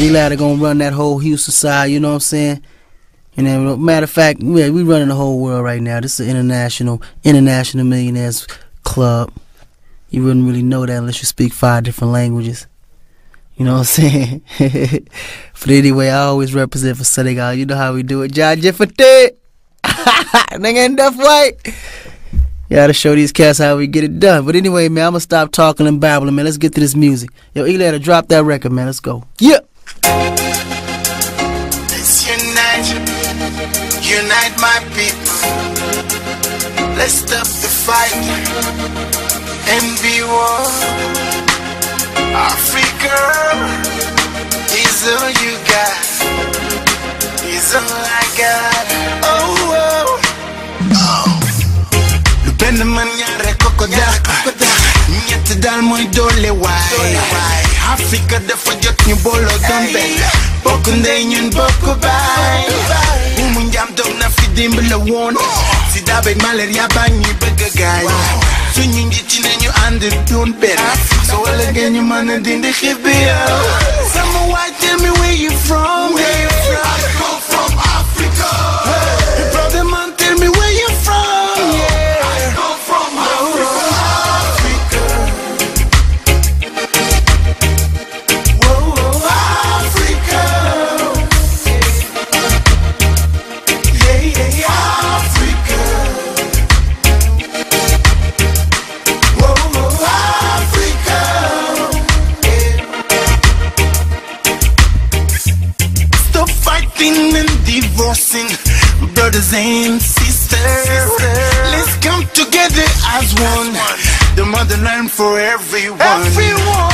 Eli You know what matter of fact, yeah, we running the whole world right now. This international international millionaires club. You wouldn't really know that unless you speak five different languages. You know what I'm anyway, I always represent for Senegal. You know how we do it. John Jeffate. Nigga in Duff White. You gotta get it done. But anyway, man, I'm gonna stop talking and babbling, man. Let's get to this music. Yo, Elada, drop that record, man. Let's go. Unite my people. Let's stop the fight and be one. Africa is all you Is all I got. Oh, oh. oh. Lu benn mën ñaare ko ko dàq. ñett daal mooy waay. Afrika dafa jot ñu booloo doon benn. bokk ndey ñun bokk baay bu mu njaam doom na fi démb la woon si daabeeg malaria baa ñuy bëgg gaay suñu njiit ci nañu ànd doon benn soo walla nga ñu mën a dindi xiif Adopting and divorcing brothers and sisters. Let's come together as one. The motherland for everyone. everyone.